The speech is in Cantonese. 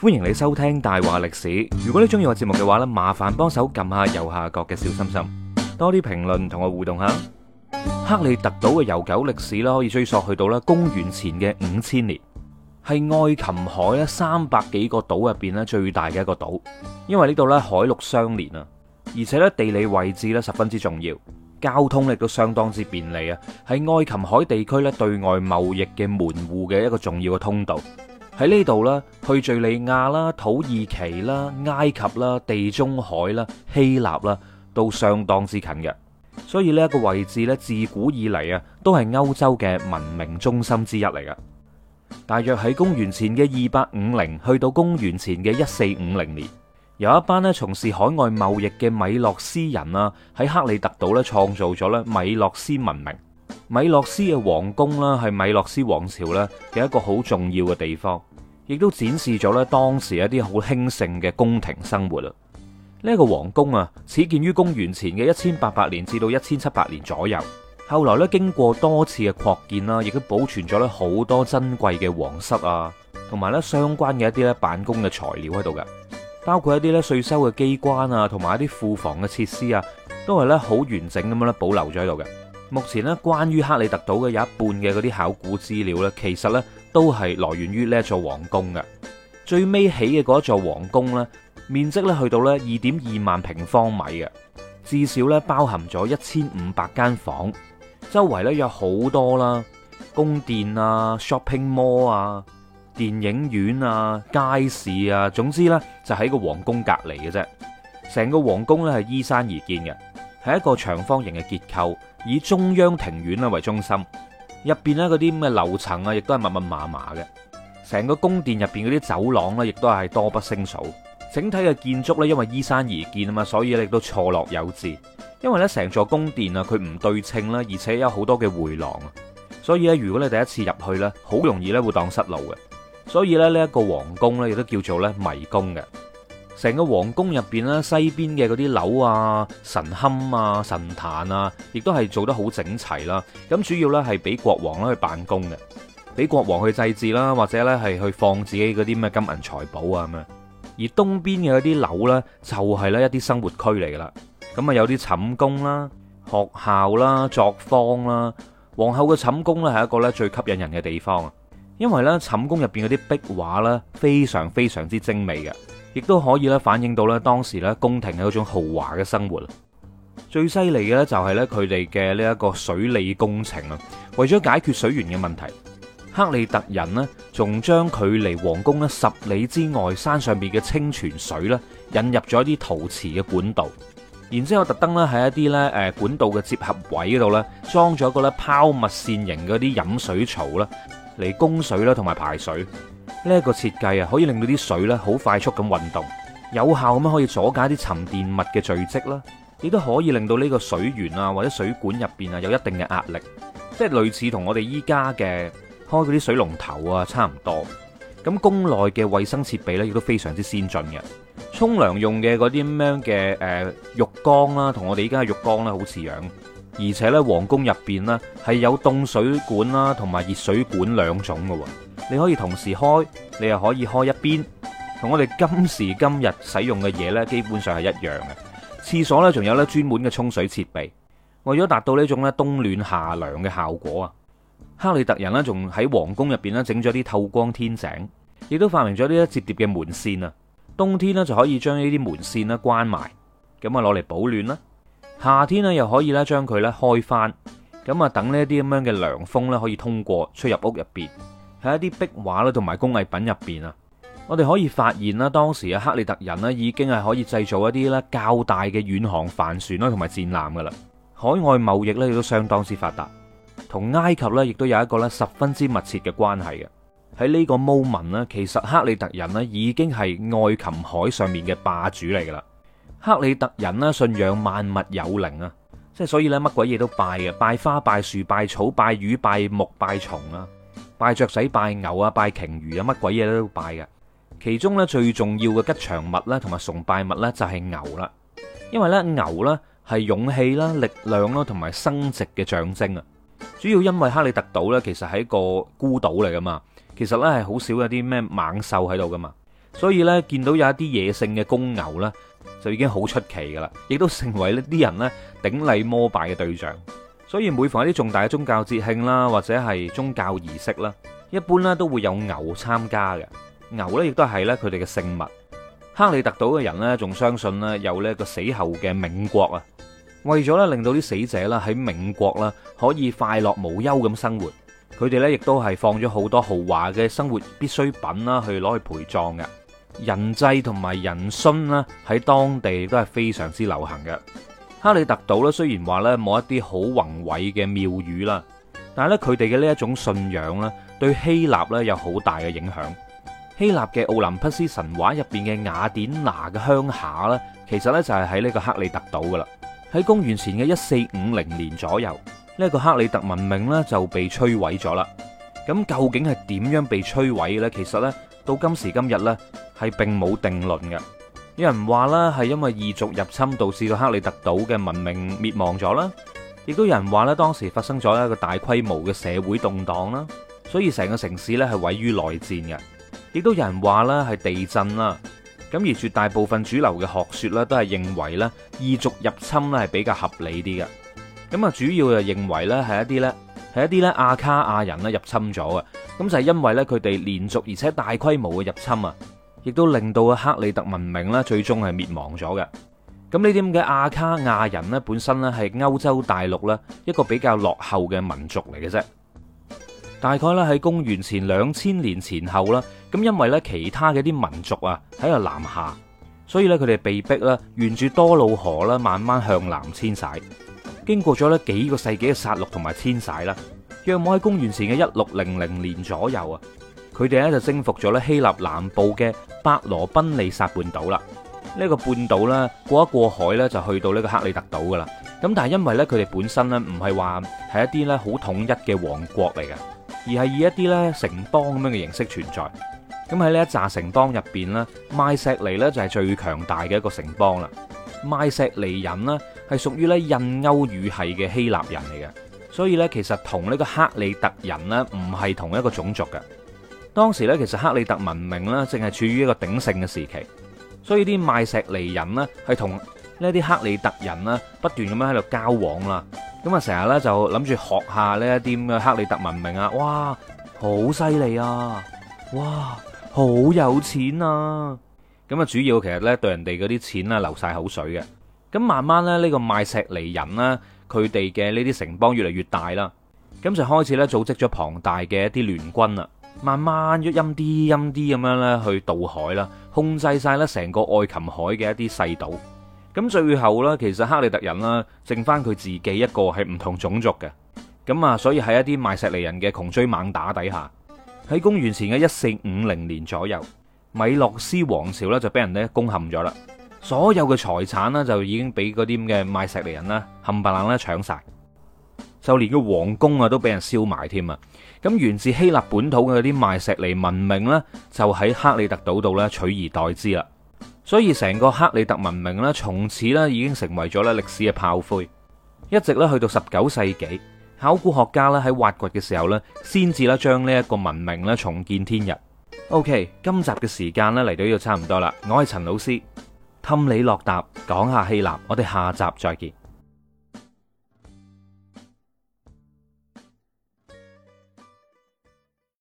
歡迎你收聽大話歷史。如果你中意我節目嘅話呢，麻煩幫手撳下右下角嘅小心心，多啲評論同我互動下。克里特島嘅悠久歷史啦，可以追溯去到咧公元前嘅五千年，係愛琴海咧三百幾個島入邊咧最大嘅一個島。因為呢度咧海陸相連啊，而且咧地理位置咧十分之重要，交通亦都相當之便利啊，係愛琴海地區咧對外貿易嘅門戶嘅一個重要嘅通道。喺呢度咧，去敘利亞啦、土耳其啦、埃及啦、地中海啦、希臘啦，都相當之近嘅。所以呢一個位置咧，自古以嚟啊，都係歐洲嘅文明中心之一嚟㗎。大約喺公元前嘅二八五零，去到公元前嘅一四五零年，有一班呢從事海外貿易嘅米洛斯人啊，喺克里特島咧創造咗咧米洛斯文明。米洛斯嘅王宮啦，係米洛斯王朝咧嘅一個好重要嘅地方。亦都展示咗咧當時一啲好興盛嘅宮廷生活啦。呢一個皇宮啊，始建於公元前嘅一千八百年至到一千七百年左右。後來咧經過多次嘅擴建啦，亦都保存咗咧好多珍貴嘅皇室啊，同埋咧相關嘅一啲咧辦公嘅材料喺度嘅，包括一啲咧稅收嘅機關啊，同埋一啲庫房嘅設施啊，都係咧好完整咁樣咧保留咗喺度嘅。目前呢，關於克里特島嘅有一半嘅嗰啲考古資料咧，其實咧。都係來源於呢王一座皇宮嘅。最尾起嘅嗰一座皇宮呢，面積咧去到呢二點二萬平方米嘅，至少咧包含咗一千五百間房，周圍呢，有好多啦，宮殿啊、shopping mall 啊、電影院啊、街市啊，總之呢，就喺、是、個皇宮隔籬嘅啫。成個皇宮呢，係依山而建嘅，係一個長方形嘅結構，以中央庭院咧為中心。入邊咧嗰啲咁嘅樓層啊，亦都係密密麻麻嘅。成個宮殿入邊嗰啲走廊咧，亦都係多不勝數。整體嘅建築咧，因為依山而建啊嘛，所以咧亦都錯落有致。因為咧成座宮殿啊，佢唔對稱啦，而且有好多嘅回廊啊，所以咧如果你第一次入去咧，好容易咧會蕩失路嘅。所以咧呢一個皇宮咧，亦都叫做咧迷宮嘅。成個皇宮入邊咧，西邊嘅嗰啲樓啊、神龕啊、神壇啊，亦都係做得好整齊啦。咁主要呢，係俾國王咧去辦公嘅，俾國王去祭祀啦，或者呢，係去放自己嗰啲咩金銀財寶啊咁樣。而東邊嘅嗰啲樓呢，就係呢一啲生活區嚟噶啦。咁啊有啲寢宮啦、學校啦、作坊啦。皇后嘅寢宮呢，係一個呢最吸引人嘅地方。因為咧，寢宮入邊嗰啲壁畫咧，非常非常之精美嘅，亦都可以咧反映到咧當時咧宮廷嘅嗰種豪華嘅生活。最犀利嘅咧就係咧佢哋嘅呢一個水利工程啊，為咗解決水源嘅問題，克里特人呢仲將距離皇宮咧十里之外山上邊嘅清泉水咧引入咗一啲陶瓷嘅管道，然之後特登咧喺一啲咧誒管道嘅接合位嗰度咧裝咗一個咧拋物線形嗰啲飲水槽啦。嚟供水啦，同埋排水呢一個設計啊，可以令到啲水呢好快速咁運動，有效咁樣可以阻隔啲沉澱物嘅聚積啦，亦都可以令到呢個水源啊或者水管入邊啊有一定嘅壓力，即係類似同我哋依家嘅開嗰啲水龍頭啊差唔多。咁宮內嘅衛生設備呢，亦都非常之先進嘅，沖涼用嘅嗰啲咁樣嘅誒浴缸啦，同我哋依家嘅浴缸咧好似樣。而且咧，皇宮入邊呢係有凍水管啦，同埋熱水管兩種嘅喎。你可以同時開，你又可以開一邊，同我哋今時今日使用嘅嘢呢，基本上係一樣嘅。廁所呢仲有呢專門嘅沖水設備。為咗達到呢種咧冬暖夏涼嘅效果啊，克里特人呢仲喺皇宮入邊呢整咗啲透光天井，亦都發明咗呢一摺疊嘅門扇啊。冬天呢就可以將呢啲門扇呢關埋，咁啊攞嚟保暖啦。夏天咧又可以咧將佢咧開返，咁啊等呢啲咁樣嘅涼風咧可以通過出入屋入邊。喺一啲壁畫咧同埋工藝品入邊啊，我哋可以發現啦，當時啊克里特人咧已經係可以製造一啲咧較大嘅遠航帆船咯，同埋戰艦噶啦。海外貿易咧亦都相當之發達，同埃及咧亦都有一個咧十分之密切嘅關係嘅。喺呢個 moment 咧，其實克里特人咧已經係愛琴海上面嘅霸主嚟噶啦。克里特人啦，信仰萬物有靈啊，即係所以咧，乜鬼嘢都拜嘅，拜花、拜樹、拜草、拜魚、拜木、拜蟲啊，拜雀仔、拜牛啊、拜鯨魚啊，乜鬼嘢都拜嘅。其中咧最重要嘅吉祥物咧，同埋崇拜物咧，就係牛啦。因為咧牛咧係勇氣啦、力量啦，同埋生殖嘅象徵啊。主要因為克里特島咧，其實係一個孤島嚟噶嘛，其實咧係好少有啲咩猛獸喺度噶嘛，所以呢，見到有一啲野性嘅公牛啦。就已經好出奇㗎喇，亦都成為呢啲人呢頂禮膜拜嘅對象。所以每逢一啲重大嘅宗教節慶啦，或者係宗教儀式啦，一般呢都會有牛參加嘅。牛呢亦都係呢佢哋嘅聖物。克里特島嘅人呢仲相信呢有呢個死後嘅冥國啊，為咗呢令到啲死者啦喺冥國啦可以快樂無憂咁生活，佢哋呢亦都係放咗好多豪華嘅生活必需品啦去攞去陪葬嘅。人祭同埋人殉咧，喺當地都係非常之流行嘅。克里特島咧，雖然話咧冇一啲好宏偉嘅廟宇啦，但係咧佢哋嘅呢一種信仰咧，對希臘咧有好大嘅影響。希臘嘅奧林匹斯神話入邊嘅雅典娜嘅鄉下咧，其實咧就係喺呢個克里特島噶啦。喺公元前嘅一四五零年左右，呢一個克里特文明咧就被摧毀咗啦。咁究竟係點樣被摧毀呢？其實咧～到今時今日呢係並冇定論嘅。有人話啦，係因為異族入侵導致到克里特島嘅文明滅亡咗啦。亦都有人話呢，當時發生咗一個大規模嘅社會動蕩啦，所以成個城市呢係毀於內戰嘅。亦都有人話呢係地震啦。咁而絕大部分主流嘅學說呢都係認為呢異族入侵呢係比較合理啲嘅。咁啊，主要就認為呢係一啲呢。係一啲咧阿卡亞人咧入侵咗嘅，咁就係、是、因為咧佢哋連續而且大規模嘅入侵啊，亦都令到啊克里特文明咧最終係滅亡咗嘅。咁呢啲咁嘅阿卡亞人咧本身咧係歐洲大陸咧一個比較落後嘅民族嚟嘅啫。大概咧喺公元前兩千年前後啦，咁因為咧其他嘅啲民族啊喺度南下，所以咧佢哋被逼啦沿住多瑙河啦慢慢向南遷徙。經過咗咧幾個世紀嘅殺戮同埋遷徙啦，約莫喺公元前嘅一六零零年左右啊，佢哋咧就征服咗咧希臘南部嘅伯羅奔尼撒半島啦。呢個半島咧過一過海咧就去到呢個克里特島噶啦。咁但係因為咧佢哋本身咧唔係話係一啲咧好統一嘅王國嚟嘅，而係以一啲咧城邦咁樣嘅形式存在。咁喺呢一扎城邦入邊咧，邁錫尼咧就係最強大嘅一個城邦啦。邁錫尼人呢。係屬於咧印歐語系嘅希臘人嚟嘅，所以咧其實同呢個克里特人咧唔係同一個種族嘅。當時咧其實克里特文明咧正係處於一個鼎盛嘅時期，所以啲邁錫尼人咧係同呢啲克里特人咧不斷咁樣喺度交往啦，咁啊成日咧就諗住學下呢一啲咁嘅克里特文明啊，哇，好犀利啊，哇，好有錢啊，咁啊主要其實咧對人哋嗰啲錢啊流晒口水嘅。咁慢慢咧，呢、這個賣石尼人呢，佢哋嘅呢啲城邦越嚟越大啦，咁就開始咧組織咗龐大嘅一啲聯軍啦，慢慢一陰啲陰啲咁樣呢，去渡海啦，控制晒呢成個愛琴海嘅一啲細島。咁最後呢，其實克里特人啦，剩翻佢自己一個係唔同種族嘅，咁啊，所以喺一啲賣石尼人嘅窮追猛打底下，喺公元前嘅一四五零年左右，米洛斯王朝呢，就俾人呢攻陷咗啦。所有嘅財產呢，就已經俾嗰啲咁嘅邁錫尼人啦，冚唪唥咧搶晒，就連個皇宮啊都俾人燒埋添啊。咁源自希臘本土嘅嗰啲邁錫尼文明呢，就喺克里特島度咧取而代之啦。所以成個克里特文明呢，從此呢，已經成為咗咧歷史嘅炮灰，一直咧去到十九世紀，考古學家咧喺挖掘嘅時候呢，先至咧將呢一個文明咧重見天日。OK，今集嘅時間呢，嚟到呢度差唔多啦。我係陳老師。堪里落答，講下希臘，我哋下集再見。